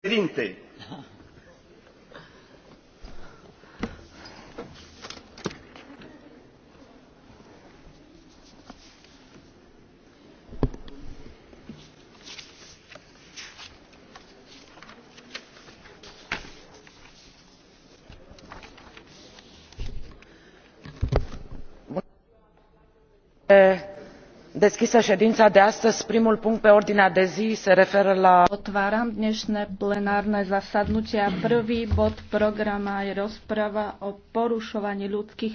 președinte uh. Eh, deschisă ședința de astăzi primul punct pe ordinea de zi se referă la Otváram dnešné plenárne zasadnutie a prvý bod programa je rozprava o porušovaní ľudských